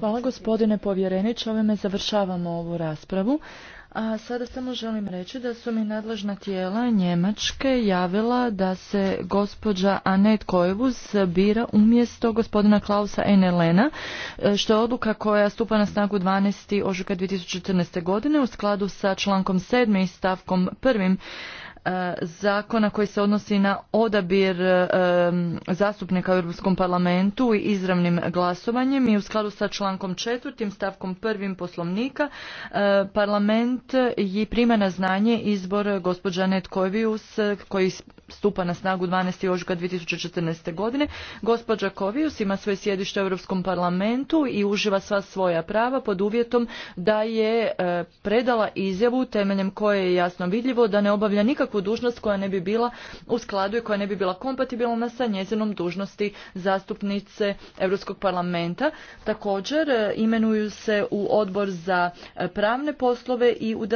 Hvala gospodine povjereniče, ovime završavamo ovu raspravu. A sada samo želim reći da su mi nadležna tijela Njemačke javila da se gospođa Anet Kojevus bira umjesto gospodina Klausa Enelena, e, što je odluka koja stupa na snagu 12. ožujka 2014. godine u skladu sa člankom 7. i stavkom 1. E, zakona koji se odnosi na odabir e, zastupnika u Europskom parlamentu i izravnim glasovanjem i u skladu sa člankom četvrtim stavkom prvim poslovnika e, parlament je prima na znanje izbor gospođa Netkovius koji stupa na snagu 12. ožujka 2014. godine. Gospođa Kovius ima svoje sjedište u Europskom parlamentu i uživa sva svoja prava pod uvjetom da je predala izjavu temeljem koje je jasno vidljivo da ne obavlja nikakvu nikakvu dužnost koja ne bi bila u skladu i koja ne bi bila kompatibilna sa njezinom dužnosti zastupnice Europskog parlamenta. Također e, imenuju se u odbor za e, pravne poslove i u